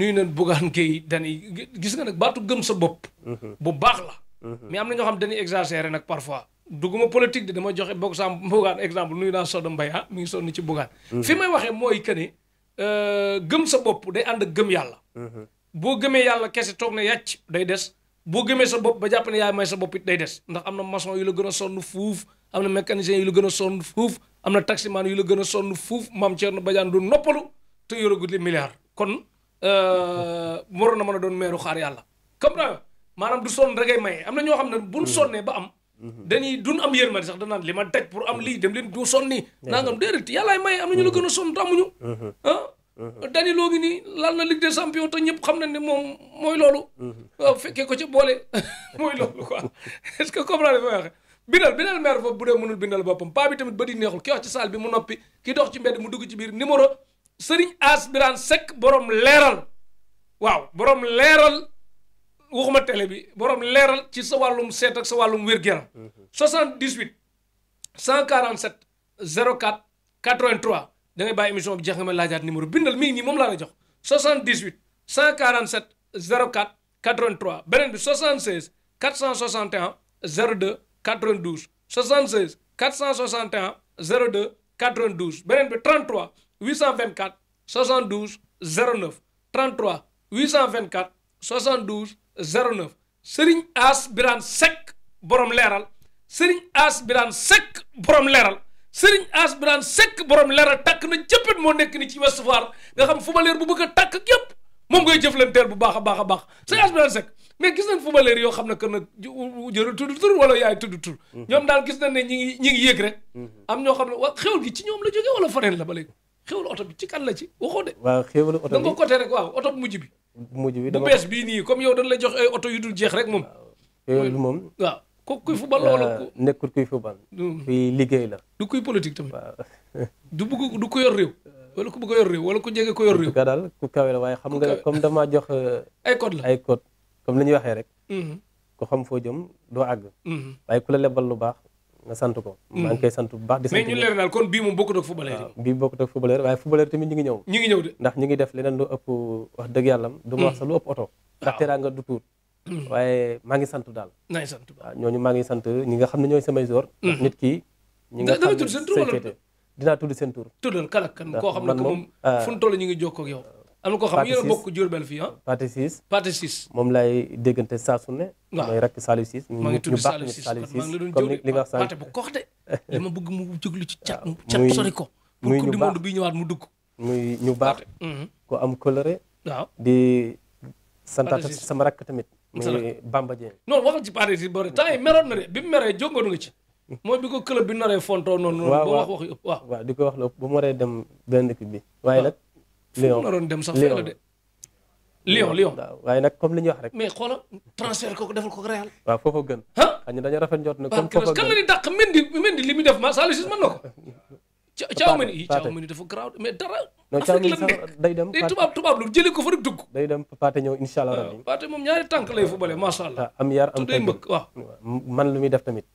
nuyu nañ Bougane Gueye dañuy gis nga nag baatu gëm sa bopp. Mhm. bu baax la. Mhm. mais am na ñoo xam dañuy exagéré nag parfois. duguma politique de dama joxe bokk sam Bougane exemple nuyu naa Soda Mbaye ah mi ngi sonn ci Bougane. Mhm. fi may waxee mooy que ne euh, gëm sa bopp day ànd gëm yàlla. boo gëmee yàlla kese toog na yàcc day des. boo gëmee sa bopp ba jàpp ne yaay may sa bopp it day des ndax am na maçon yu la gën a sonn fuuf am na mécanicien yu la gën a sonn fuuf am na taximaan yu la gën a sonn fuuf maam Thierno Badiane du noppalu te yoragut li milliard Euh, waroon na mën a doon meeru xaar yàlla comme na maanaam du sonn rek ay maye am na ñoo xam ne buñ mm-hmm. sonnee ba am mm-hmm. dañuy dun am ma yërmande sax danaan li ma daj pour am lii dem leen du sonni nangam déedéet yàllaay maye am na ñu la mm-hmm. gën a sonn te amuñu ah loo ngi nii laal na Ligue des champions ñëpp xam nañ ne moom mooy loolu waaw ah, fekkee ko ci boole mooy loolu quoi est-ce que comprendre li may waxee bindal bindal maire foofu bu dee mënul bindal boppam paa bi tamit ba di neexul ki wax ci bi mu noppi ki dox ci mbedd mu dugg ci biir numéro sëriñ As Birane Seck leeral waaw borom leeral waxuma télé bi borom leeral ci sa wàllum seet ak sa wàllum wér-gu-yaram. 78 147 04 83 da ngay bàyyi émission bi jeex nga ma laajaat numéro bindal mi ngi nii moom laa la jox 78 147 04 83 beneen bi 76 461 02 92 76 461 02 92 beneen bi 33 824 72 09 33 824 72 09 Serigne As Birane Seck borom leeral Serigne As Birane Seck borom leeral Serigne As Birane Seck borom leeral takk na jëppit moo nekk ni ci Ouest Foire nga xam footballeur bu bëgg a takk yëpp moom ngay jëflanteel bu baax a baax baax Serigne As Birane Seck mais gis nañ yoo xam ne que nag jërë tudd tur wala yaay tudd mhm. ñoom daal gis nañ ne ñi ngi ñi ngi rek mhm. am ñoo xam ne wa xewal gi ci ñoom la jógee wala faneen la ba léegi xéwalu oto bi ci kan la ci waxoo de. waaw xéwalu oto bi da nga oto bi. mujj bi bu bees bii nii comme yow da la jox ay oto yu dul jeex rek moom. xéwalu moom. waaw ko kuy fubal wala euh, ku. nekkul kuy fubal. Mm. kuy liggéey la. du kuy politique tamit. du bëgg du ko yor réew. wala ku wala ku jege ko yor réew. en tout cas daal ku kawe la waaye xam nga comme damaa jox. Euh, ay code la ay code comme ni ñu waxee rek. Mm-hmm. ku xam foo jëm doo àgg. Mm-hmm. waaye ku la lebal lu baax. ma sant ko. Mm. maa ngi koy sant bu baax. di sant mais ñu leer daal kon bii moom bokkut ak footballeur yi. bii bokkut ak footballeur waaye footballeur tamit ñu ngi ñëw. ñu ngi ñëw de ndax ñu ngi def leneen lu ëpp wax dëgg yàlla. du ma wax sax lu ëpp oto. Mm. ndax teraanga du tuur. Mm. waaye maa ngi sant daal. maa ngi sant waaw ñooñu ngi ne ñooy samay joor. nit ki ñu nga xam ne dinaa tudd seen tur. tuddal kan ak kan koo xam ne moom ah. fu ñu toll ñu ngi jokkoo ak yow am na koo xam yéen a bokk Diourbel fii ah. Pathé Ciss Pathé moom laay déggante saa su ne. waaw mooy rakk Saliou Ciss. maa ngi tudd Saliou Ciss maa ngi la doon jëw li nga wax Pathé bu kox bëgg mu juglu ci cat. ko. muy ñu baax pour coupe du monde dugg. muy ñu baax. Mhm. ku am coloré. waaw di santaat sama rakk tamit. muy Bamba Dieng. non waxal ci Pathé Ciss boore temps na de bi mu ci. mooy bi ko club bi naree fontoo noonu. waaw waaw waaw di ko wax la bu mu waree dem benn équipe bi waaye nag Lyon la doon dem sax fee la de. Lyon waaye nag comme li ñuy wax rek. mais xoola transfert kooku defal ko Real. waaw foofa gën. ah xam nga dañoo rafet njort ne comme li muy def ma Saliou Ciss mën na ko. Thiaw Mendy Thiaw Mendy dafa day dem Pathé tubaab jëlee ko fa rek dugg. day dem Pathé ñëw incha allah rabbi. Pathé moom ñaari tànk lay footballé macha allah. am yar am tey mbëkk man lu muy def tamit.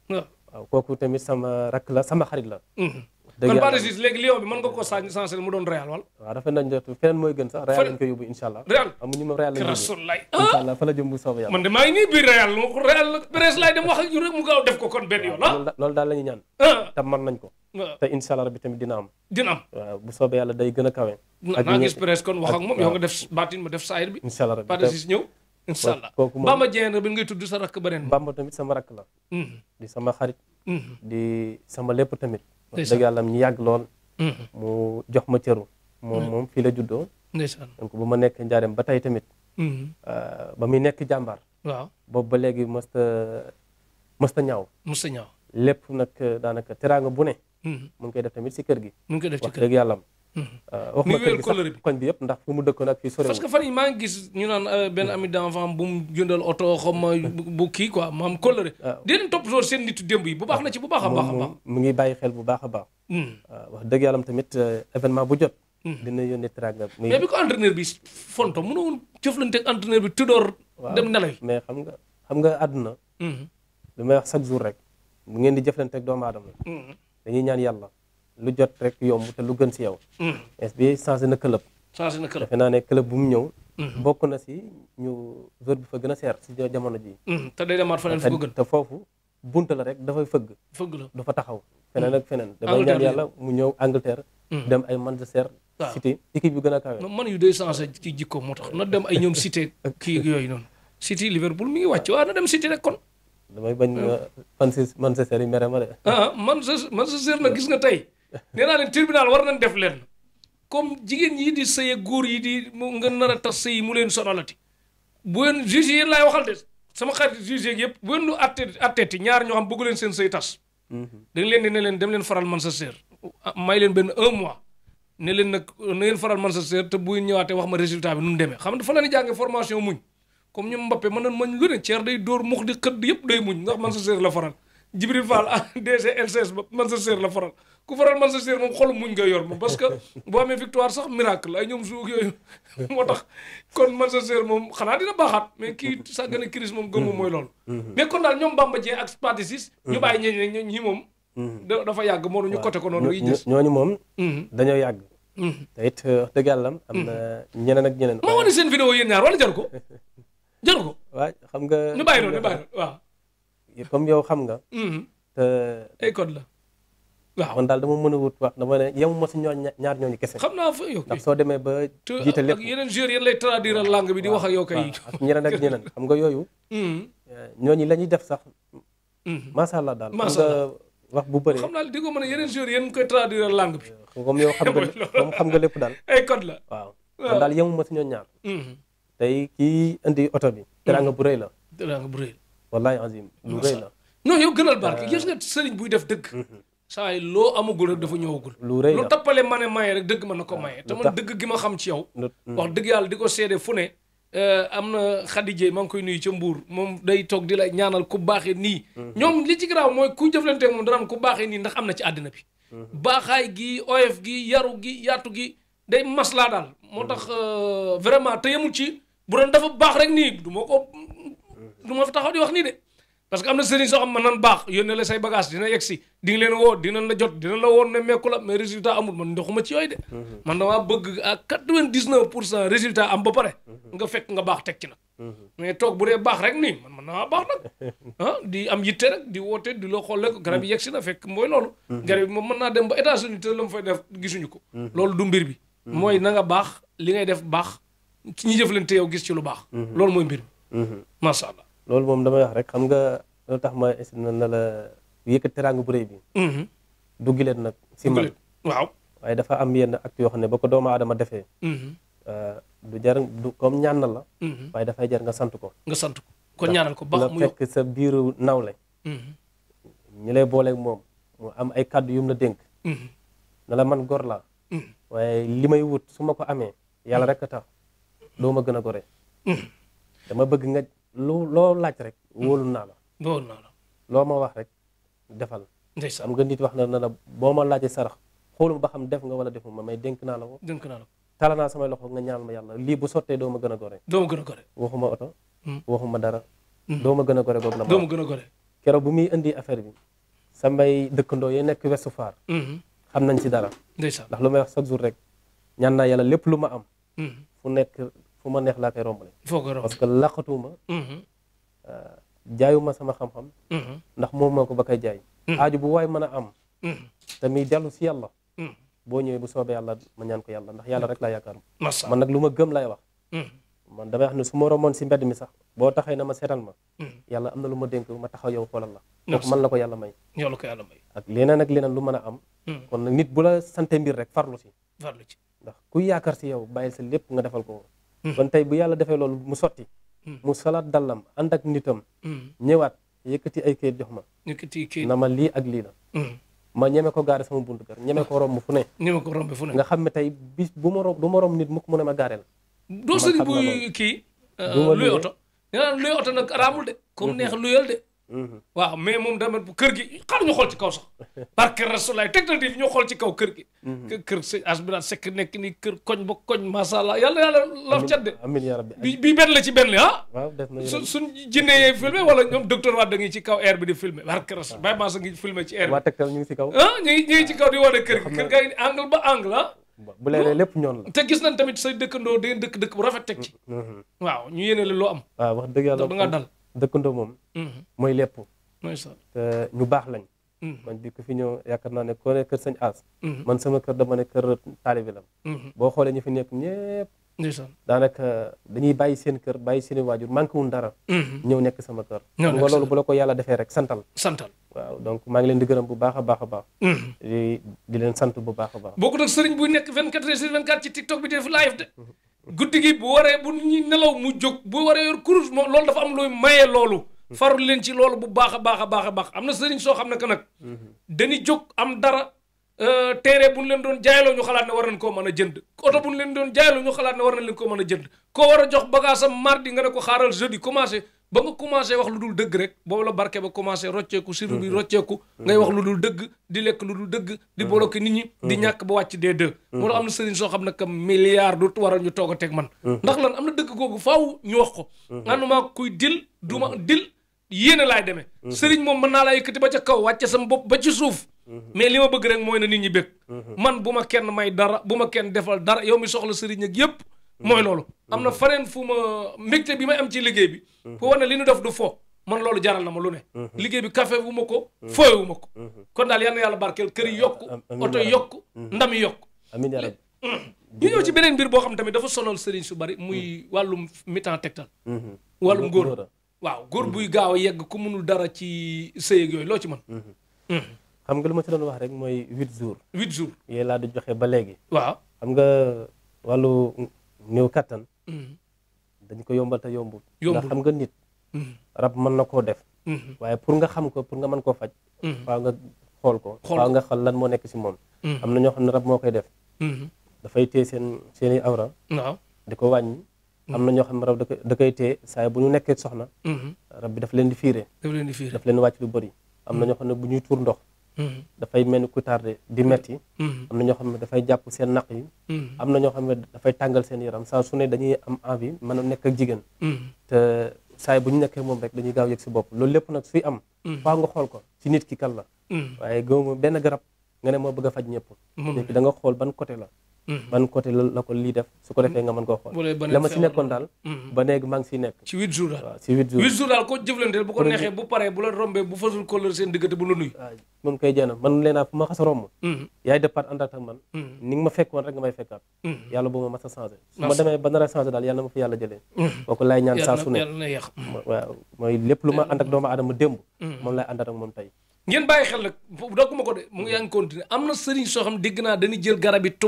kooku tamit sama rakk la sama xarit la. Mm-hmm. kon Pathé Ciss léegi Lion bi mën nga koo sànni sensé mu doon Real wala. waaw rafet nañ jot feneen mooy gën sax Real lañ koy yóbbu incha allah. Real amuñu moom Real lañ incha ah! allah fa la jëm bu soobee yàlla. man de maa ngi nii biir Real ma ko Real presse laay dem wax ak ñu rek mu gaaw def ko kon benn yoon ah. loolu daal la ñuy ñaan. Ah! te mën nañ ko. Ah! te incha allah rabbi tamit dina am. dina am waaw bu soobee yàlla day gën a kawe. ak naa gis presse kon wax ak moom yow nga def baatin ma def saayir bi. incha allah rabbi Pathé Ciss ñëw incha allah kooku moom Bamba Dieng bi ngay tudd sa rakk beneen Bamba tamit sama rakk la mhm. di sama xarit mhm. di sama lépp tamit wax dëgg yàlla ñu yàgg lool mm-hmm. mu jox ma cëru moom mm-hmm. moom fii la juddoo donc ba ma nekk njaareem ba tey tamit mm-hmm. euh, ba muy nekk jàmbaar waaw boobu ba léegi mësta mësta ñaaw mësta ñaaw lépp nag euh, daanaka teraanga bu ne mu ngi def tamit si kër gi mu ngi def ci kër gi dëgg yàlla Euh, wax ma kër gi sax koñ bi yëpp ndax fu mu dëkkoon ak fii sore parce que fan yi maa ngi gis ñu naan euh, benn ami d'enfant bu mu jëndal oto xam bu kii quoi maam kóllëre euh, dinañ topp soor seen nitu démb yi bu baax na ci bu baax a baax a baax mu ngi bàyyi xel bu baax a baax hmm. wax dëgg yàlla tamit événement bu jot hmm. dina yónnee teraanga mais bi ko entraîneur bi fonto mënoo woon jëflante ak entraîneur bi tuddoor dem xam nga xam nga àdduna hmm. li may wax chaque jour rek bu ngeen di jëflante ak doomu aadama dañuy ñaan yàlla lu jot rek yomb te lu gën si yow. Mm. SBI changé na club. changé na club defe naa ne club bu mu ñëw. Mm-hmm. bokk na si ñu joueur bi fa gën a seer si jamono ji mm-hmm. te day demaat feneen fu ko gën te foofu bunta la rek dafay fëgg. fëgg la dafa taxaw. feneen ak feneen. Mm-hmm. damay ñaan yàlla mu ñëw Angleterre. dem ay Manchester. City équipe yu gën a kawe. man yu day changé ci jikko moo tax na dem ay ñoom City kii yooyu noonu. City Liverpool mi wàcc waaw na dem City rek kon. damay bañ mm. uh, ah, Manchester Manchester yi gis nga tey. nee naa leen tribunal war nañ def leen comme jigéen yi di sëye góor yi di mu nga nar a tas sëy mu leen sonalati bu leen juge yéen laay waxal de sama xarit juge yeeg yëpp bu leen lu atte atteti ñaar ñoo xam bëgg leen seen sëy tas dañ leen di ne leen dem leen faral man sa sœur ah may leen benn un mois ne leen na ngeen faral sa sœur te bu ñëwaatee wax ma résultat bi nu mu demee xam ne fa la ni jànge formation muñ comme ñoom Mbappé mën na mañ lu ne ceer day dóor mux di xëdd yëpp day muñ nga man sa sœur la faral Jibril Fall ah DG LCS ba Manchester la faral ku faral Manchester moom xolu muñ nga yor moom parce que boo amee victoire sax miracle ay ñoom suug yooyu moo tax kon Manchester moom xanaa dina baaxaat mais kii a crise moom gëmmu mooy loolu mm-hmm. Mm-hmm. mais kon daal ñoom Bamba Dieng ak Pathé mm-hmm. ñu bàyyi ñeñ ne ñi moom dafa yàgg moo ñu côté ko noonu yi gis ñooñu dañoo yàgg te it euh, wax yàlla am na ñeneen ak ñeneen ma wane seen vidéo yéen ñaar wala jar ko jar ko waaw xam nga ñu bàyyi noonu ñu bàyyi noonu waaw comme yow xam nga. Mm-hmm. te ay code la. waaw daal dama mën a wut wax dama ne yemu ma si ñoo ñaar xam naa soo demee ba. jiite lépp ak yeneen bi di wax ak yow kay. ak ñeneen ak ñeneen xam nga yooyu. Mm-hmm. Eh, ñooñu def sax. Mm-hmm. macha allah daal macha wax bu bëri. xam naa di ko mën a yeneen joueurs yéen eh, xam nga lépp daal. ay code waaw. man daal yemu ma si ñoo tey kii indi oto bi. teraanga bu rëy la. wallaay azim lu rëy la non yow gënal barke euh, gis nga sëriñ buy def dëgg mhm. saa loo amagul rek dafa ñëwagul lu rëy la lu tappale ma ne maye dëgg ma na ko ah, maye te man dëgg gi ma xam ci yow mm. wax dëgg yàlla di ko seede fu ne euh, am na xadijee maa ngi koy nuyu ca mbuur moom day toog di la ñaanal ku baaxee nii mhm. ñoom li ci garaaw mooy ku jëflante moom danaan ku baaxee nii ndax am na ci àddina bi mhm. baaxaay gi oyof gi yaru gi yaatu gi day maslaa daal moo tax euh, vraiment te yemul ci bu doon dafa baax rek nii du ma ko du ma fi taxaw di wax nii de parce que am na sëriñ soo xam man nan baax yónnee la say bagage dina yegg si di nga leen woo dinañ la jot dinañ la woon ne mekku la mais résultat amul man ndoxuma ci yooyu de mhm. man damaa bëgg à am ba mhm. teg ci nag mhm. mais toog bu dee baax rek nii man man naa baax nag ah di am yitte rek di woote di la xoolle ko garab yegg si na fekk mooy loolu garab yi moom mën naa dem ba États-Unis te la mu fay def gisuñu ko loolu du mbir bi mooy nanga baax li ngay def baax ci ñi jëflante yow gis ci lu baax loolu mooy mbir bi loolu moom damay wax rek xam nga loolu tax ma esti na na la yëkkat teraanga bu rëy bi mm-hmm. duggi leen nag si man waaw waaye dafa am yenn acte yoo xam ne ba ko doomu aadama defee mm-hmm. euh, du jar du ñaanal la mm-hmm. waaye dafay jar nga sant ko nga sant ko kon ñaanal ko baax mu fekk sa biiru nawle ñi lay booleeg moom mu am ay kàddu yum la dénk na la man gor laa waaye li may wut su ma ko amee yàlla rek a tax doo gën a gore dama bëgg nga lu loo laaj rek. wóolu naa la. wóolu loo ma wax rek defal. ndeysaan am nga nit wax na ne la boo ma laajee sarax xoolum ba xam def nga wala defuma may dénk naa la ko. dénk la ko tala naa samay loxo nga ñaan ma yàlla lii bu sottee doo ma gën a gore. doo ma gën a gore. waxuma oto. Hmm. waxuma dara. Hmm. doo ma gën a gore boobu la ma. doo ma gën a gore. keroog bu muy indi affaire bi. samay dëkkandoo yi nekk Ouest Foire. Hmm. xam nañ si dara. ndeysaan ndax lu may wax chaque jour rek ñaan naa yàlla lépp lu ma am. fu nekk fu ma neex laa koy rombale parce que laqatuuma mm-hmm. euh, jaayuma sama xam-xam mm-hmm. ndax moom moo ko ba koy jaay mm-hmm. aaju bu waay mën a am te muy dellu si yàlla boo ñëwee bu soobee yàlla ma ñaan ko yàlla ndax yàlla rek laa yaakaar man nag lu ma gëm lay wax man damay wax ne su ma romoon si mbedd mi sax boo taxee na ma seetal ma yàlla am na lu ma dénk ma taxaw yow xoolal la kooku man la ko yàlla may ak leneen ak leneen lu mën a am kon nit bu la sante mbir rek farlu ci ndax ku Hmm. kon tey bu yàlla defee loolu mu sotti hmm. mu salaat dallam ànd ak nitam hmm. ñëwaat yëkkati ay kayit jox ma na ma lii ak lii na ma ñeme ko gaare sama buntu kër ñeme ko romb fu ne nga xam ne tey bis bu ma romb du ma romb nit mukk mu ne ma gaare la doo sëriñ bu kii euh, luy oto luy oto nag araamul de comme mm-hmm. neex luyal de waaw mais moom dama kër gi xar ñu xool ci kaw sax barke rasulaay Tektal TV ñoo xool ci kaw kër gi mhm. kër sëñ asbira sekk nekk ni kër koñ ba koñ masha Allah yàlla yàlla laf cat de amiin yaa rabbi bi bi benn la ci benn ah su suñ jinnee yee filmé wala ñoom docteur Wade da ngi ci kaw air bi di filmé barke rasul bay maa sa ngi filmé ci air bi waa Tektal ñu ngi ci kaw ah ñu ngi ñu ngi ci kaw di wane kër gi kër gaa ngi angle ba angle ah bu leenee lépp ñoon la te gis nañ tamit say dëkkandoo day dëkk dëkk bu rafet teg ci mhm. waaw ñu yéene la loo am waaw wax dëgg yàlla da nga dal dëkkandoo moom. mooy lépp. macha allah te ñu baax lañ. Mhm. man bi ku fi ñëw yaakaar naa ne koo ne kër sëñ As. Mhm. man sama kër dama ne kër taalibe la. Mhm. boo xoolee ñu fi nekk ñëpp. daanaka dañuy bàyyi seen kër bàyyi seen i waajur manqué wun dara. ñëw nekk sama kër. ñëw nekk loolu bu la ko yàlla defee rek santal. santal waaw donc maa ngi leen di bu baax a baax a baax. di leen sant bu baax a baax. bokkul ak sëriñ buy nekk 24 heures sur 24 ci TikTok bi def live de. guddi gi bu waree bu ñuy nelaw mu jóg bu waree yor kurus moom loolu dafa am looy maye loolu. faru leen ci loolu bu baaxa a baax a baax a am na sëriñ soo xam ne que nag. dañuy jóg am dara. Euh, téere bu ñu leen doon jaayloo ñu xalaat ne war nañ mën a jënd oto bu leen doon jaayloo ñu xalaat ne war nañ leen koo mën a jënd koo war a jox bagage am mardi nga ne ko xaaral jeudi commencé ba nga commencé wax lu dul dëgg rek boobu la barke ba commencé rocceeku siru bi mm-hmm. rocceeku mm-hmm. ngay wax lu dul dëgg di lekk lu dul dëgg di mm-hmm. bloqué nit ñi di ñàkk ba wàcc dee deux moo am na sëriñ xam ne que milliard du waral ñu toog a man ndax lan am na dëgg googu faaw ñu wax ko ànduma kuy dil duma dil yéene laay demee sëriñ moom mën naa laa yëkkati ba ca kaw wàcce sama bopp ba ci suuf mais li ma bëgg rek mooy na nit ñi bëgg man bu ma kenn may dara bu ma kenn defal dara yow mi soxla sëriñ ak yépp mooy loolu mm-hmm. am na faneen fu ma mbégte bi may am ci liggéey bi mm-hmm. pour war ne li ñu def du fo man loolu jaral na ma lu ne mm-hmm. liggéey bi café wu ko fooye wuma ko kon daal yal na yàlla barkeel kër yokk yokku oto yokk ndam yi yokk ñu ñëw ci beneen mbir boo xam tamit dafa sonal sëriñ su bari muy wàllum mitan tegtal wàllum góor waaw góor buy gaaw a yegg ku mënul dara ci sëyeeg yooyu loo ci mën xam nga lu ma ci doon wax rek mooy huit jours huit jours yéen laa di joxe ba léegi waaw xam nga wàllu néew kattan mm-hmm. dañ ko yombal te yombul nga xam nga nit mm-hmm. rab mën na koo def mm-hmm. waaye pour nga xam ko pour nga mën koo faj faaw nga xool ko faaw nga xool lan moo nekk si moom am na ñoo xam ne rab moo koy def dafay téye seen seeni awra waaw di ko wàññi am na ñoo xam ne rab da koy téye saa bu ñu nekkee soxna rab bi daf leen di fiire daf leen wàcc lu bëri am na ñoo xam ne bu ñuy tuur ndox Mm-hmm. dafay mel ni ku tardé di metti mm-hmm. am na ñoo xam ne dafay jàpp seen naq yi mm-hmm. am na ñoo xam ne dafay tàngal seen yaram saa su ne dañuy am envie mën a nekk ak jigéen te saay bu ñu nekkee moom rek dañuy gaaw yëg si bopp loolu lépp nag suy am faa nga xool ko ci nit ki kan la waaye gëmuma benn garab nga ne moo bëgg faj ñëpp nit xool ban coté la Mhm. ban côté la ko lii def su ko defee nga mën koo xool la ma si nekkoon daal mhm. ba léegi maa ngi si nekk ci huit jours daal waaw si huit jours huit jours daal ko jëflanteel bu ko neexee bu paree bu la rombee bu fasul kóllëre seen diggante bu la nuyu waaw mu ngi koy man leen fu ma xas a romb mhm. yaay départ ànd ak man ni ma fekkoon rek nga may fekkaat yàlla bu ma mas a su ma demee ba nar a daal yàlla ma fa yàlla jëlee boo ko laay ñaan saa mooy lépp lu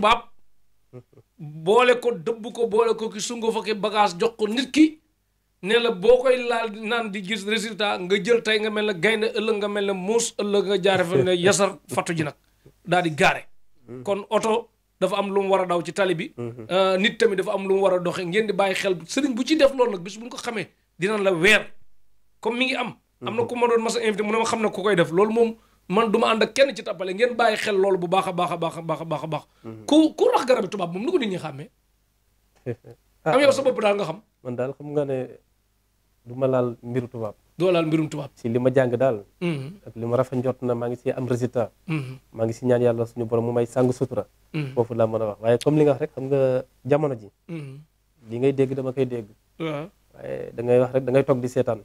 ma boole ko dëbb ko boole ko ki sungu fa ki bagage jox ko nit ki ne la boo koy laal naan di gis résultat nga jël tey nga mel na gaynde ëllëg nga mel ne muus ëllëg nga jaare fa ne yasar fattu ji nag daal di gaare kon oto dafa am lu mu war a daw ci tali bi euh, nit tamit dafa am lu war a doxe ngeen di bàyyi xel sëriñ bu ci def loolu nag bis bu ñu ko xamee dina la weer comme mi ngi am am na ku ma doon mas a invité mu ne ma xam ne ku koy def loolu moom man du ma ànd ak kenn ci tappale ngeen bàyyi xel loolu bu baax a baax a baax a baax a baax. Mhm. ku ku rax garabi tubaab moom nu ko nit xàmmee. am yow sa bopp daal nga xam. man daal xam nga ne du ma laal mbiru tubaab. doo laal mbirum tubaab. si li ma jàng daal. Mhm. ak li ma rafet njort na maa ngi si am résultat. Mhm. maa ngi si ñaan yàlla suñu borom mu may sàng sutura. foofu laa mën a wax waaye comme li nga wax rek xam nga jamono ji. li ngay dégg dama koy dégg. waaye da ngay wax rek da ngay toog di seetaan.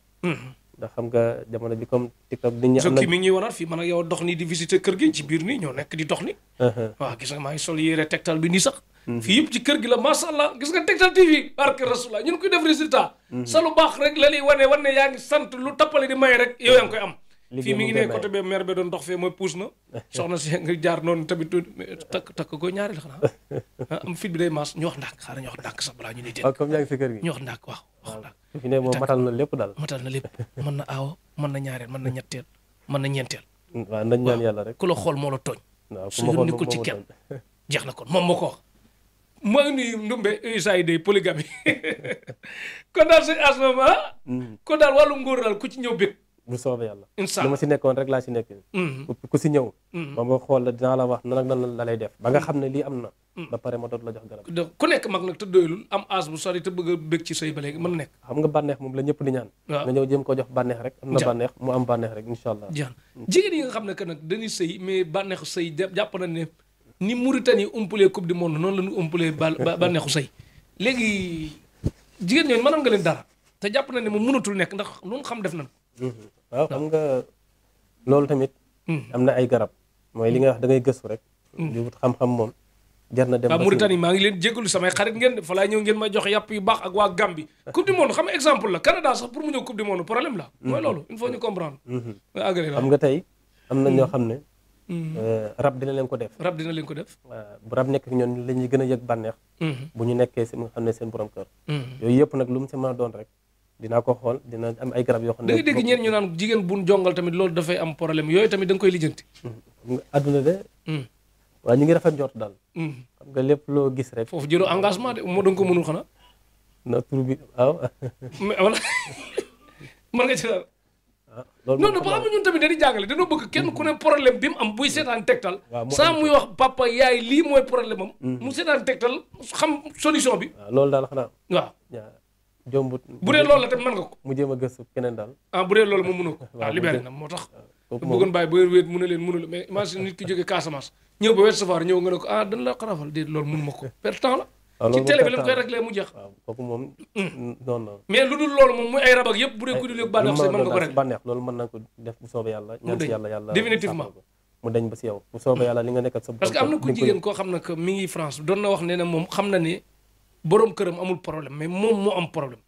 ndax xam nga jamono bi comme TikTok. nit ñi am na mi ngi ñuy wanaat fii man a yow dox nii di visiter kër gi ci biir ni ñoo nekk di dox ni uh-huh. waaw gis nga maa ngi sol yére Tektal bi nii sax. Uh-huh. fii yëpp ci kër gi la macha allah gis nga Tektal TV barke Rasulullah ñun koy def résultat. Uh-huh. sa lu baax rek la lay wane wane yaa ngi sant lu tappale di may rek yow yaa ngi koy am. fii mi ngi ne côté bee mer bi doon dox fee mooy puus na soxna si nga jaar noonu tamit takk takk ko ñaareel xanaa ah, am fit bi day maas ñu wax ndànk xaaral ñu wax ndànk sax balaa ñu lay jël ah, comme yaa ngi si kër gi ñu wax ndànk waaw wax ndànk fi ne matal na lépp daal matal na lépp man na aawo mën na ñaareel mën na ñetteel mën na ñeenteel waaw nañ ñaan yàlla rek ku la xool moo la tooñ su ñu nekkul ci kenn jeex na kon moom moo ko wax maa ngi nuyu Ndumbe USAID polygamie kon daal suñu asma ah? mm. kon daal wàllu ngóor daal ku ci ñëw bég bu soobee yàlla li ma si nekkoon rek laa si nekkee mm-hmm. ku si ñëw ma mm-hmm. ma xool la dinaa la wax na ak nan la lay def ba nga mm-hmm. xam ne lii am na ba pare ma doot la jox garab ku nekk mag nag te doyulul am as bu sori te bëgg a bég ci sëy ba léegi mën nekk xam nga bànneex moom la ñëpp di ñaan nga ñëw jéem ko jox bànneex rek am na bànneex mu am bànneex rek incha allah nga xam ne que nag dañuy sëy mais bànneexu sëy jàpp nañ ne ni Mauritanie umpalee coupe du monde noonu la ñu umpalee bànneexu sëy léegi jigéen ñooñu mënoon nga leen dara te jàpp nañ ne moom mënatul nekk ndax lu xam def nañ Mm-hmm. waaw xam nga loolu tamit mm-hmm. am na ay garab mooy li nga wax da ngay gëstu rek mm-hmm. di wut xam-xam moom jar na dem waaw Mauritanie maa ngi leen jégalu samay xarit ngeen de fa ngeen ma joxe yàpp yu baax ak waa Gambie coupe du monde xam nga exemple la Canada sax pour mu ñëw coupe du monde problème la mooy loolu il faut ñu comprendre xam nga tey am na ñoo xam ne euh, rab dina leen ko def rab dina leen ko def waaw bu rab nekk ñoon la gën a yëg bànneex bu ñu nekkee si nga xam seen borom kër yooyu yëpp nag lu mu si rek dinaa ko xool dina am ay garab yoo xam ne da nga dégg ñu naan jigéen buñ jongal loolu dafay am problème yooyu tamit da nga koy lijjanti mm-hmm. adduna de mm-hmm. waaw ñu ngi rafet njort daal mm-hmm. xam nga lépp loo gis rek foofu jëloo engagement de moo da ko mënul xanaa na tur bi waaw wala mën nga ci daal ah, non non ba am ñun tamit dañuy kenn ku ne problème bi mu am buy seetaan tegtal saa muy wax papa yaay lii mooy problème am mu seetaan tegtal xam solution bi waaw ah, loolu daal xanaa waaw jombut bu dee loolu la tamit mën nga ko mu jéem a gëstu keneen daal ah, bu dee loolu moom mënoo ko ah, waaw libéré moo tax bëggoon bàyyi ba wéet mu ne leen mënu la ah, la xarafal déet mu jeex ba si yow bu soobee yàlla li nga nekk ak sa parce que am na ku jigéen koo xam ne que mi ngi France doon na wax ne moom xam na ne borom këram amul problème mais moom moo am problème.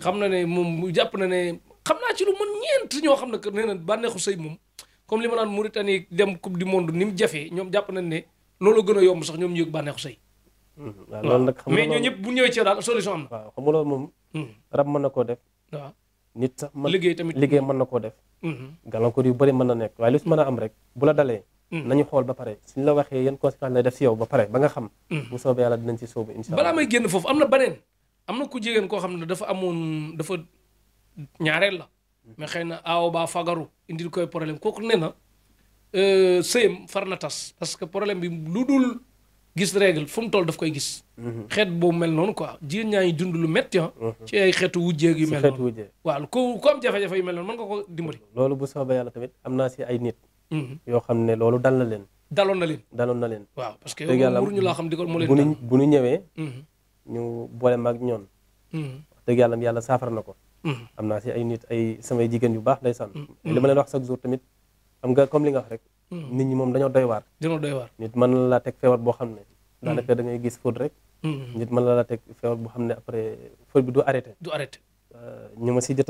xam na ne moom jàpp na ne xam naa ci lu man ñeent ñoo xam ne kër nee na bànneexu sëy moom comme li ma naan Mauritanie dem coupe du monde ni mu jafee ñoom jàpp nañ ne loolu gën a yomb sax ñoom ñu yëg bànneexu sëy. Hmm. nag mais ñooñu ñëpp bu ñëwee ci daal solution am na. waaw xam moom. Hmm. rab mën na koo def. waaw nit sax mën liggéey tamit liggéey mën na koo def. Hmm. gàllankoor yu bëri mën na nekk waaye li su mën a am rek bu la dalee. Mm. nañu xool ba pare suñ la waxee yan conséquence lay def si yow ba pare ba nga xam mm. bu soobee yàlla dinañ ci sóobu insha allah balaa may génn foofu am am na ku jigéen koo xam ne dafa amoon dafa la mm. xëy na aaw baa fagaru indil koy problème kooku nee na euh, sëyam far na tas parce que problème bi lu dul gis règle fu mu toll daf koy gis mm-hmm. xeet boobu mel noonu quoi jigéen ñaa ngi dund lu métti ah. mm-hmm. ci ay xeetu wujjeeg yu mel noonu waaw ku ku am jafe-jafe mel noonu mën nga ko dimbali loolu bu soobee yàlla tamit am naa si ay nit Mm-hmm. yoo xam ne loolu dal na leen. daloon na leen daloon na leen. waaw parce que yàlla laa xam di ko moo leen bu ñu ñëwee. Mm-hmm. ñu boole mag ñoon. wax yàlla yàlla saafara na ko. Mm-hmm. am naa si ay nit ay samay jigéen yu baax ndeysaan. li ma leen wax chaque jour tamit xam nga comme li nga wax rek. nit ñi moom dañoo doy waar. doy waar nit mën na laa teg feebar boo xam ne. daanaka da ngay gis fóot rek. nit mën na laa teg feebar boo xam ne après fóot bi du arrêté. du arrêté euh, ñu ma si jot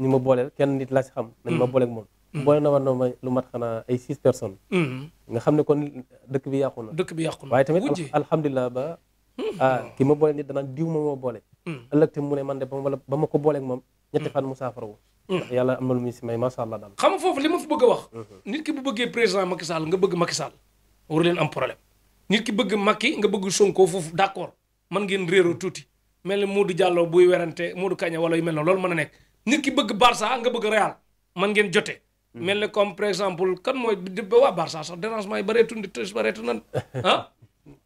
ñu ma booleel kenn nit laa si xam. nañ ma booleeg moom. Mm-hmm. boole na war na may lu mat xanaa ay six personnes mm-hmm. nga xam ne kon dëkk bi yàqu na dëkk bi yàqu na waaye tamit alhamdulilah ba mm-hmm. ah kii ma boole nit danaan diw ma moo boole ëllëg te mu ne man de ba ba ma ko booleeg moom ñetti fan mu saafara wu ndax si may macha allah daal xam nga foofu li ma fi bëgg a wax nit ki bu bëggee président Macky Sall nga bëgg Macky Sall waru leen am problème nit ki bëgg Macky nga bëgg Sonko foofu d'accord man ngeen réeroo tuuti mel ni Modou jàlloo buy werante Modou kaaña wala yu mel na loolu mën a nekk nit ki bëgg Barça nga bëgg Real man ngeen jotee Mm-hmm. mel ne comme par exemple kan mooy ba waa Barça sax dérangement yi bareetu bareetu nan ah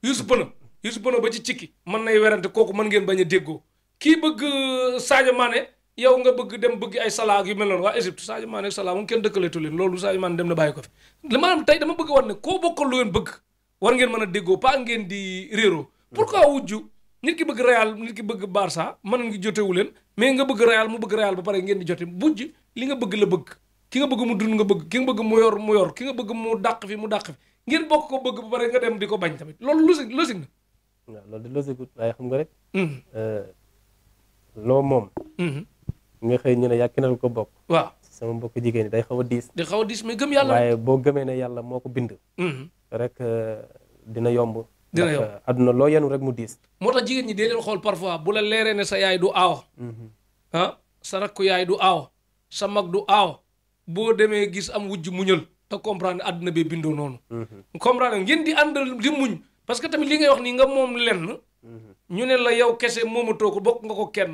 Youssou Pono Youssou Pono ba ci cikki mën nay werante kooku mën ngeen bañ a déggoo kii bëgg euh, Sadio Mané yaw nga bëgg dem bëgg ay Salah yu mel noonu waa Égypte Sadio Mané ak Salah moom kenn dëkkaleetu leen loolu dem na bàyyi ko fi maanaam tey dama bëgg war ne koo bokkal lu ngeen bëgg ngeen mën a déggoo pas ngeen di réeroo pourquoi mm-hmm. wujju nit ki bëgg Real nit ki bëgg Barça mën nga jotewu leen mais nga bëgg Real mu bëgg Real ba pare ngeen di jote bujj li nga bëgg la bëgg ki nga bëgg mu dund nga bëgg ki nga bëgg mu yor mu yor ki nga bëgg mu dàq fi mu dàq fi ngeen bokk ko bëgg bu pare nga dem di ko bañ tamit loolu logique logique na. waaw loolu de logique waaye xam nga rek. Hmm. Euh, loo moom. Hmm. xëy ne yàkk na ko bokk. waaw sama mbokk jigéen ñi day xaw a diis. day xaw a diis mais yàlla. waaye boo gëmee ne yàlla moo ko bind. Hmm. rek euh, dina yomb. dina yomb euh, àdduna loo yenu rek mu diis. moo tax jigéen ñi dee leen xool parfois bu la leeree ne sa yaay du aaw. Mm-hmm. ah sa rakku yaay du aaw sa mag du aaw. boo demee gis am wujj muñal te comprendre àdduna bee bindoo noonu. Mhm. comprendre ngeen di ànd di muñ parce que tamit li ngay wax nii nga moom lenn. Mhm. ñu ne la yow kese moomatoo ko bokk nga ko kenn.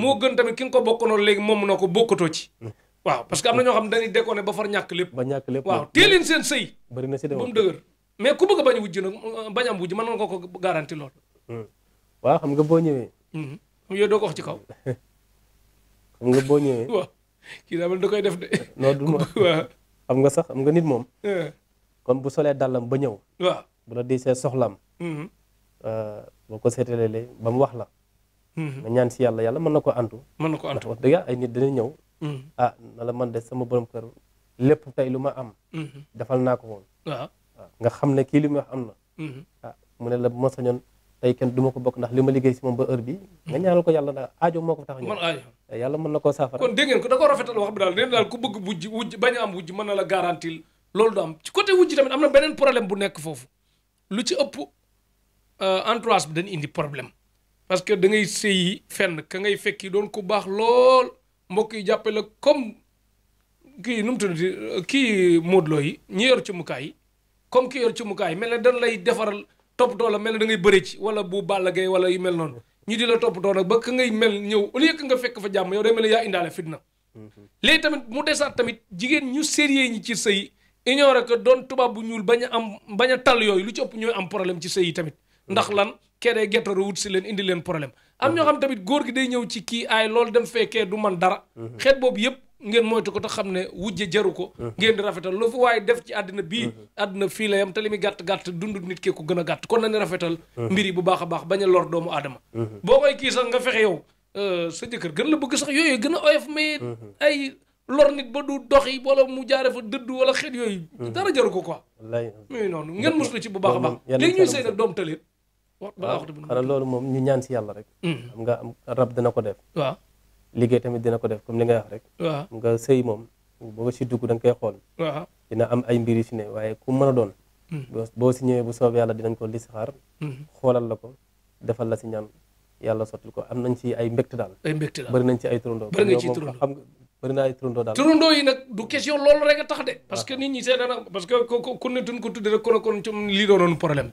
moo gën tamit ki nga ko bokkoonoo léegi moom na ko bokkatoo ci. waaw parce que am na xam ne dañuy déconné ba far ñàkk lépp. ba ñàkk lépp waaw teel leen seen sëy. na si ba mu dëgër mais ku bëgg a bañ a wujj nag bañ am wujj mën nga ko ko garanti lool. Hmm. waaw xam nga boo ñëwee. Hmm. yow doo ko wax ci kaw. xam nga boo ñëwee. waaw kii daal da koy def de. non du ma xam nga sax xam nga nit moom. comme eh. bu solee dàllam ba ñëw. waaw bu la diisee soxlaam. Mm-hmm. Euh, boo ko seetalee ba mu wax la. Mm-hmm. nga ñaan si yàlla yàlla mën na ko antu. mën na ko antu wax dëgg ay nit dina ñëw. Mm-hmm. Ah, lu ma am. defal naa ko woon. waaw ah, nga xam ne mu ah, la ma sañoon tey du ma ko ndax li ma liggéey moom ba heure bi ko yàlla ndax aajo moo ko tax ñu eh, na koo saafara ko da ko rafetal wax bi daal neen daal ku bëgg wujj wujj a am wujj mën na la loolu du am ci côté wujj tamit am na beneen problème bu nekk foofu lu ci ëpp euh, entourage bi dañ indi problème parce que da ngay sëyi fenn ka ngay fekki doon ku baax lool mbokk yi jàppe la comme kii nu mu tuddati kii móodloo yi ñi yor ci mukaay yi kii yor ci mukaay yi mel ne dañ lay defaral toppatoo la mel ne da ngay bëri ci wala bu Balla Gaye wala yu mel noonu ñu di la topp nag ba ka ngay mel ñëw au lieu nga fekk fa jàmm yow day mel ne yaa indaale fitna. léegi tamit mu desaat tamit jigéen ñu sérieux ñi ci sëy ignoré que doon tubaab bu ñuul bañ a am bañ a tal yooyu lu ci ëpp ñooy am problème ci sëy yi tamit. ndax lan kee day gettaru wut si leen indi leen problème. am ñoo xam tamit góor gi day ñëw ci kii aay loolu dem fekkee du man dara. xeet boobu yëpp ngeen moytu ko te xam ne wujje jaru ko ngeen di rafetal lu fi waaye def ci àddina bii àddina fii la yam te li muy gàtt-gàtt dund nit ki ko gën a gàtt kon nañu rafetal mbir yi bu baax a baax bañ a lor doomu aadama boo koy kii sax nga fexe yow euh, sa jëkkër gën la bëgg sax yooyu gën a oyof mais ay lor nit ba du doxi wala mu jaare fa dëdd wala xet yooyu dara jaru ko quoi muy noonu ngeen muslu ci bu baax a baax léegi doom talit wax ba waxtu bi xanaa loolu moom ñu ñaan si yàlla rek mm. xam nga rab dina ko def liggéey tamit dina ko def comme li nga wax rek nga sëy moom boo si dugg da nga koy xool dina am ay mbir yu si ne waaye ku mën doon hmm. boo si ñëwee bu soobee yàlla dinañ ko listixaar hmm. xoolal la ko defal la ñaan yàlla sottil ko am nañ ci ay mbégte daal ay mbégte daal bëri nañ ay turundoo bëri nga ci turundoo xam bëri naa ay turundoo daal turundoo ah. que nit ñi parce que ku ko tudde rek kon kon cum lii doonoon mm-hmm.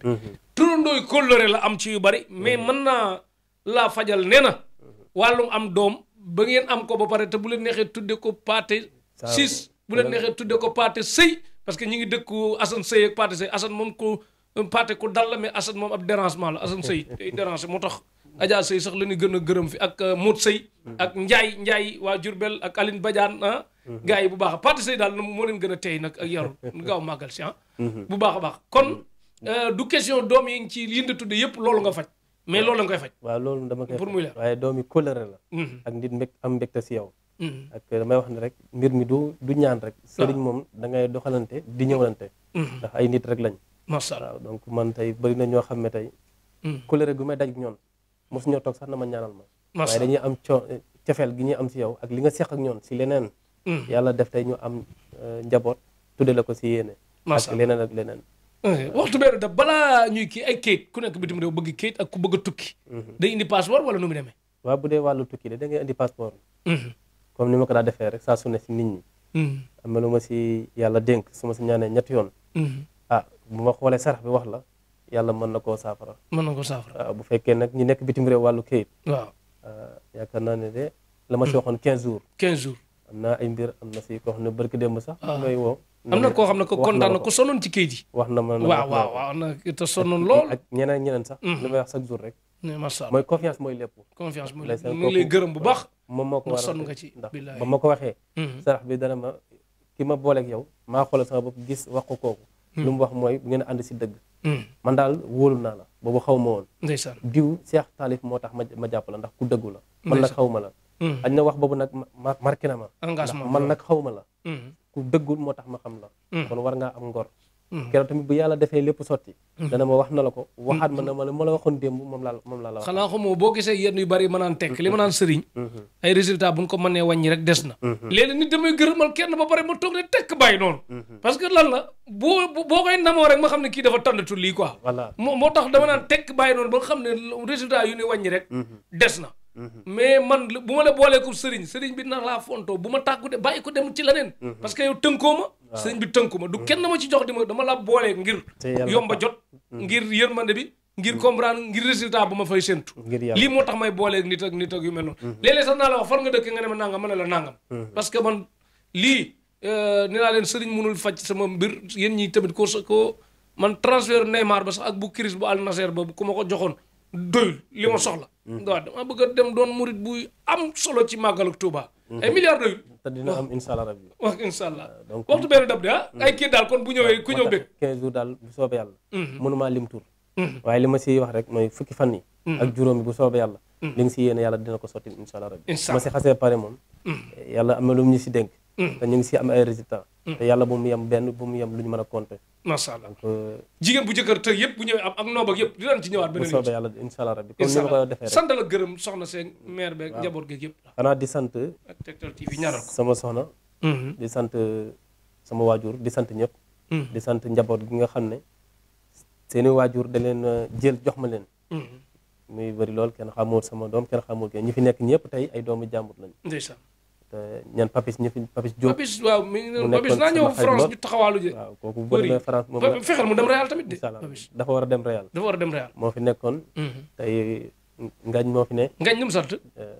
bari mais man mm-hmm. naa laa fajal nee na mm-hmm. wàllum am doom ba ngeen am ko ba pare te bu leen neexee tuddee ko pâté siis bu leen neexee tudde ko pâté sëy parce que ñu ngi dëkku Assane sëy ak pâté sëy Assane moom ko euh, pâté ko dal la mais moom ab dérangement la Assane sëy day déranger moo tax Adja sëy sax la ñu gën a gërëm fi ak euh, Mout sëy mm. ak Ndiaye Ndiaye waa bel ak Aline Badiane ah mm-hmm. gars yi bu baax a pâté sëy daal moo leen gën a tey nag ak yaru gaaw màggal si ah. mm-hmm. bu baax a baax kon mm-hmm. euh, du question doom yi ngi ci yënda tudde yëpp loolu nga faj mais loolu la nga koy faj. waaw loolu dama koy pour muy la waaye doom yi la. ak nit am mbégte si yow. Mhm. ak damay wax ne rek mbir mi du du ñaan rek. sëriñ moom da doxalante di ñëwalante. Mhm. ndax ay nit rek lañ. macha allah donc man tey bëri na ñoo xam ne tey. Mhm. kóllëre gu may daj ñoon mos ñoo toog sax na ma ñaanal ma. waaye dañuy am co eh, cofeel gi ñuy am si yow ak li nga seq ak ñoon si leneen. yàlla def tey ñu am eh, njaboot tudde la ko si yéene. ak leneen ak leneen. Eh, waxtu beeru daf balaa ñuy kii ay kayit ku nekk bitim réew bëgg kayit ak ku bëgg a tukki. Mhm. day indi passeport nu mu demee. waaw bu dee wàllu tukki de da ngay indi mhm. ni ma ko daa defee rek saa su si nit ñi. Mhm. am na lu su ma si ñaanee ñetti yoon. ah bu ma xoolee sarax bi la yàlla mën na koo saafara. mën na koo saafara ah, bu fekkee nag ñu nekk bitim réew wàllu kayit. waaw ah, yaakaar naa ne de. la ma si waxoon 15 jours. 15 jours am naa ay mbir am na si koo xam ne barki démb sax. waaw ah. mooy woo. am na koo xam ne ko kontaan na ko sonoon ci kayit yi. wax na ma waaw waaw waaw na te sonoon lool. ak ñeneen ñeneen sax. li mhm. may wax chaque jour rek. mooy confiance mooy lépp. confiance lay gërëm bu baax. moom moo ko war a sonn ma ko waxee. Mhm. sarax bi dana ma ki ma booleeg yow maa xoolal sama bopp gis wax ko kooku. Mhm. lu mu wax mooy bu ngeen ànd si dëgg. man daal wóolu naa la boobu xaw ma woon. ndeysaan diw Cheikh Talif moo tax ma ma jàpp la ndax ku dëggu la. man nag xaw ma la. Hmm. añ na wax boobu nag marqué na ma engagement man nag xaw ma la hmm. ku dëggul moo tax ma xam la hmm. kon war ngaa am ngor keroog tamit bu yàlla la ko waxaat ma na ma la ma la waxoon démb moom laa moom laa la wax na léegi ba pare ma toog ne la boo boo koy namoo rek ma xam ne kii dafa tàndatu lii quoi voilà moo tax dama naan tekk bàyyi noonu ba xam ne résultat yu ni wàññi rek des na mais man bu ma la boolee ko sëriñ sëriñ bi na laa fontoo bu ma tàggu de bàyyi ko dem ci leneen. Mhm. parce que yow tënkoo ma. sëriñ bi tënku ma du mhm. kenn ma ci jox di ma dama la boolee ngir. yomba jot. Mhm. ngir yërmande bi. ngir comprendre ngir résultat bu ma fay séntu. lii moo tax may booleeg nit ak nit ak yu mel noonu. léeg-léeg sax naa la wax far nga dëkk nga ne ma nangam ma ne la nangam. parce que man lii euh, nee naa leen sëriñ mënul faj sama mbir yéen ñii tamit ko ko man transfert Neymar ba sax ak bu crise bu Al Nassr ku ma ko joxoon doyul li ma soxla. Mm. waaw dama bëgg a dem doon murit buy am solo ci màggalu Touba. Mm-hmm. ay milliards doyul. te dina am incha allah rabbi. wax incha allah euh, donc waxtu dab de ah. mm. ay kii daal kon bu ñëwee ku ñëw bëgg. 15 jours daal bu soobee mm-hmm. mm-hmm. waaye li ma siy wax rek mooy fukki fan yi ak juróom bi bu soobee yàlla. li si yéene yàlla dina ko sotti incha allah rabbi. incha allah ma si xasee pare moom. yàlla am ñu si denk Mm. te ñu ngi si am ay résultats. Mm. te yàlla bu mu yem benn bu mu yem lu ñu man a compter. macha allah euh, jigéen bu jëkkër tey yëpp bu ñëwee am ak noob ak yëpp dinañ ci ñëwaat. beneen yoon bu soobee yàlla incha allah rabbi comme ni ma ko defee rek seen mm. xanaa di sant. ak Tektal sama soxna. Mm-hmm. di sant euh, sama waajur di sant ñëpp. Mm-hmm. di sant njaboot gi nga xam ne seeni waajur da leen euh, jël jox ma leen. Mm-hmm. muy bëri lool kenn xamul sama doom kenn xamul kenn ñi fi nekk ñëpp tey ay doomu jàmbur lañu. ndeysaan. ñan papis ñu fi papis papis waaw mi ngi noonu papis naa ñëw France ñu taxawaalu ji. waaw kooku bu demee France moom la fexeel mu dem Real tamit de. papis dafa war a dem Real. a dem Real. moo fi nekkoon. Mhm. tey ngañ moo fi ne. ngañ nu mu sant. Euh,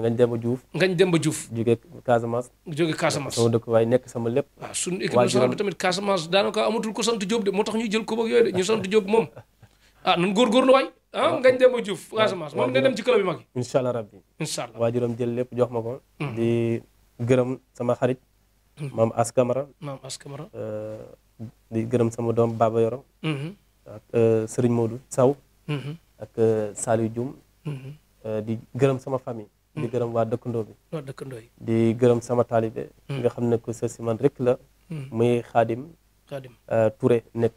ngañ Demba Diouf. ngañ Demba Diouf. jóge Casamance. jóge Casamance sama dëkk waaye nekk sama lépp. waaw ah, suñu équipe nationale Casamance daanaka amatul ko sant Diop de moo tax ñuy jël ko ak yooyu de ñu sant Diop moom ah nun lu waay ah ngañ dem ba Diouf Casamance moom nga dem ci club yu mag jël lépp jox ma ko. Mhm. di gërëm sama xarit. Mhm. maam As Camara. maam As euh, di gërëm sama doom Baba Yoro. Mhm. ak euh, Serigne Saw. ak euh, Saliou Dioum. di gërëm sama famille. di gërëm waa dëkkandoo bi. di gërëm sama taalibe. nga xam ne ko sa si man rek la. muy xaadim. xaadim Touré nekk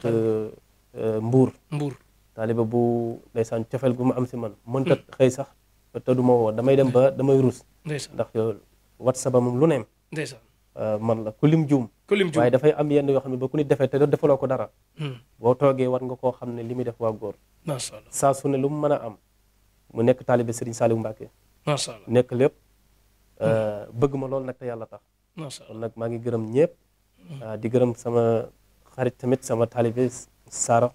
Mbour. taaliba bu ndeysaan cofeel gu ma am si man mënta xëy sax te du ma damay dem ba damay ruus ndax whatsapp moom lu neem euh, man la ku lim juum waaye dafay am yenn yoo xam ne ba ku nit defee te defaloo ko dara hmm. boo toogee war nga koo xam ne li muy def waa góor saa su ne lu mu mën a am mu nekk taaliba Serigne Saliou Mbacké nekk lépp euh, hmm. bëgg ma lool nag te yàlla tax maa ngi gërëm ñëpp hmm. euh, di gërëm sama xarit tamit sama taalibe Sara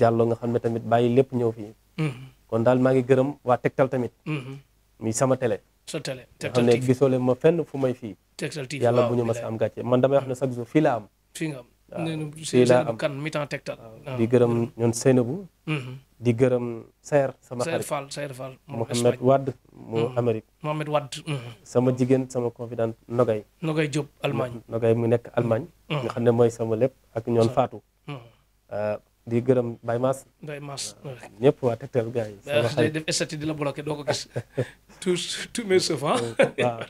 jàlloo nga xam ne tamit bàyyi lépp ñëw fii mm-hmm. kon daal maa ngi gërëm waa Tektal tamit mm-hmm. muy sama télé nga xam ne gisoo ma fenn fu may fii Tektal TV yàlla bu ñu mas a am gàcce man damay wax ne chaque jour fii laa am fii nga am fii laa am kan mi temps Tektal ah. di gërëm ñoom mm-hmm. Seynabou di gërëm Sayer sama xarit Sayer Fall Sayer Fall Mohamed Wade mu Amérique Mohamed Wade sama jigéen sama confidente Nogay Nogay Diop Allemagne Nogay mu nekk Allemagne nga xam ne mooy sama lépp ak ñoon Fatou euh, di gërëm Baye Mass. Baye Mass ñëpp waa Tektal gars yi. sama ah, xarit day def statut di la bloqué doo ko gis. tous tous mes savants. waaw ah,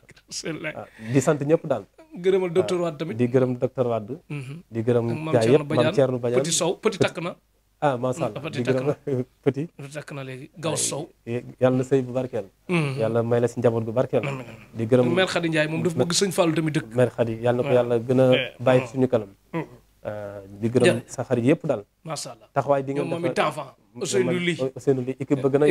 di sant ñëpp daal. gërëmal docteur ah, Wade tamit. di gërëm docteur Wade. Mhm. di gërëm gars yëpp maam Thierno Badiane petit Sow petit takk na. ah macha allah di gërëm petit. takk na léegi Gaw Sow. Eh, yàlla na sëy bu barkeel. Mhm. yàlla may la bu barkeel. di gërëm mère Khady na gën a bàyyi suñu kanam. Mm-hmm. Euh, di gërëm sa xarit yëpp daal. macha allah taxawaay di nga defar ñoom moom it Tafan. Ousseynou Ly Ousseynou Ly équipe ba gën a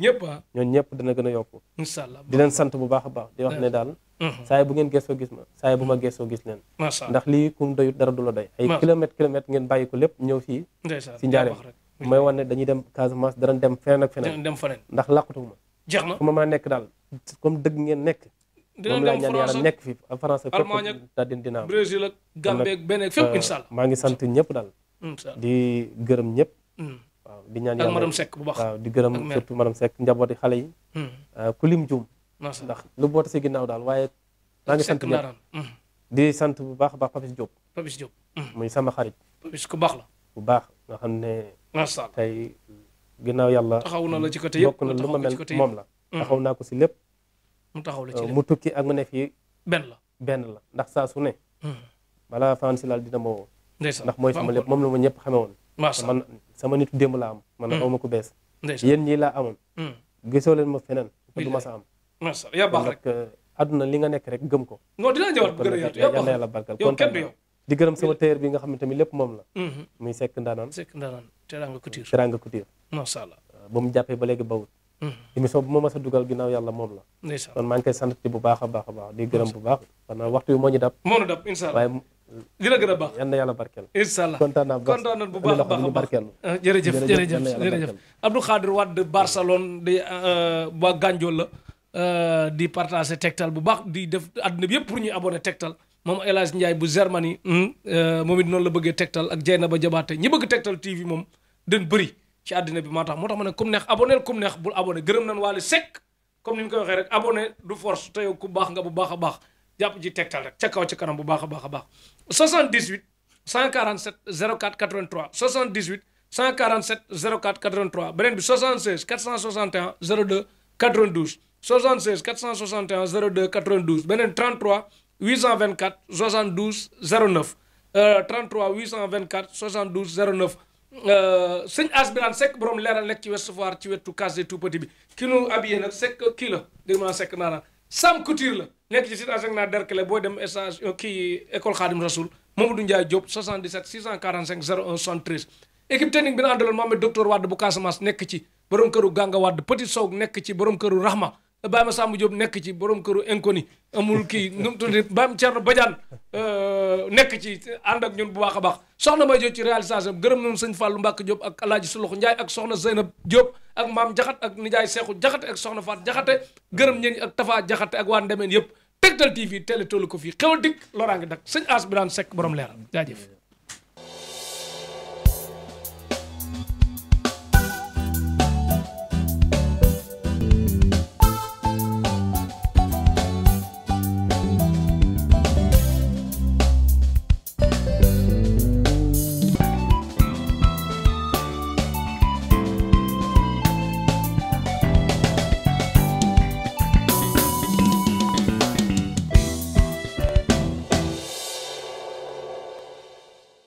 ñëpp ah. ñëpp dana gën a yokku. allah di leen sant bu baax a baax. di wax ne daal. Mhm. saay bu ngeen gëstoo gis ma saay bu ma mhm. gëstoo gis leen. macha allah ndax lii kum doyut dara du la doy. ay kilomètre kilomètre ngeen bàyyi ko lépp ñëw fii. si njaareem mooy wan ne dañuy dem Casamance dana dem feneen ak feneen. ndax làqutuma jeex na fu ma maa nekk daal comme dëgg ngeen nekk moom laa ñaan yàlla nekk fi France ak Allemagne ak tàddin dina am Brésil ak Gambie ak beneen fépp euh, incha allah maa ngi sant ñëpp daal di gërëm ñëpp hmm. waaw di ñaan yàlla madame Seck bu baax waaw di gërëm surtout madame Seck njabooti xale yi hmm. euh, ku lim juum ndax lu boota si ginnaaw daal waaye maa ngi sant ñëpp hmm. di sant bu baax a baax Papis Diop Papis Diop muy sama xarit Papis ku baax la bu baax nga xam ne tey ginnaaw yàlla bokk na lu ma mel moom la taxaw naa ko si lépp mu taxaw la ci euh, mu tukki ak mu ne fii. benn la benn la ndax saa su ne. Hmm. balaa fanaan si laal dina ma woo. ndax mooy sama lépp moom la ma ñëpp xame woon. Hmm. ma ko bees. yéen ñii laa amoon. Hmm. gisoo leen ma feneen. du ma sa am. macha allah yaa baax rek euh, li nga nekk rek gëm ko. non dinaa ñëwaat bu gën a bi nga xam ne tamit lépp moom la. muy sekk ndaanaan sekk ndaanaan teraanga couture teraanga couture. Euh, ba mu jàppee ba léegi bawut Mmh. émission bu ma mas a dugal ginnaaw yàlla moom la kon maa ngi koy sant bu baax a baax a baax di gërëm bu baax xanaa waxtu bi moo ñu dab moo ñu dab incha allah waaye gën a baax yal na yàlla barkeel incha allah bu baax a baax barkeel ah, jërëjëf jërëjëf jërëjëf di euh, waa Gandiol la euh, di partager Tektal bu baax di def àdduna bi yëpp pour ñuy abonné Tektal moom El Hadj Ndiaye bu Germany euh, moom it noonu la bëggee Tektal ak Dieynaba Diabaté ñi bëgg Tektal TV moom dañ bëri ci àddina bi maa tax moo tax ma ne kum neex abonné kum neex bul abonné gërëm nañ Wally Seck comme ni ñu koy waxee rek du force te yow ku baax nga bu baax a baax jàpp ji tegtal rek ca kaw ca kanam bu baax a baax a baax 78 147 04 83 78 147 04 83 beneen bi 76 461 02 92 76 461 02 92 beneen 33 824 72 09 33 824 72 09 Euh, sëñ As sekk Seck borom leeral nekk ci Ouest Foire ci wetu kas des tout-petits bi ki nu habillé nag Seck kii la ngir mën a Seck naana Sam Couture la nekk ci cité Asecna Derklé booy dem station euh, kii école Khadim Rasoul Mamadou Ndiaye Diop 77 645 01 73. équipe technique bi na àndaloon Mohamed docteur Wade bu Casamance nekk ci borom këru Ganga Wade Petit Sow nekk ci borom këru Rahma. Baye Massamba Diop nekk ci borom këru inconnu amul kii nu mu tudd Baye Thierno Badiane euh, nekk ci ànd ak ñun bu baax a baax soxna May Diop ci réalisation gërëm nañu sëñ Fallou Mbacke Diop ak El Hadj Suluxu Ndiaye ak soxna Zeynab Diop ak maam Jaxate ak nijaay Seexu Jaxate ak soxna Faat Jaxate gërëm ñeen ak Tafa Jaxate ak waa Ndemeen yëpp Tektal TV télé tollu ko fii xewal dikk loraa ngi dak sëñ As Birane Seck borom leeral jaajëf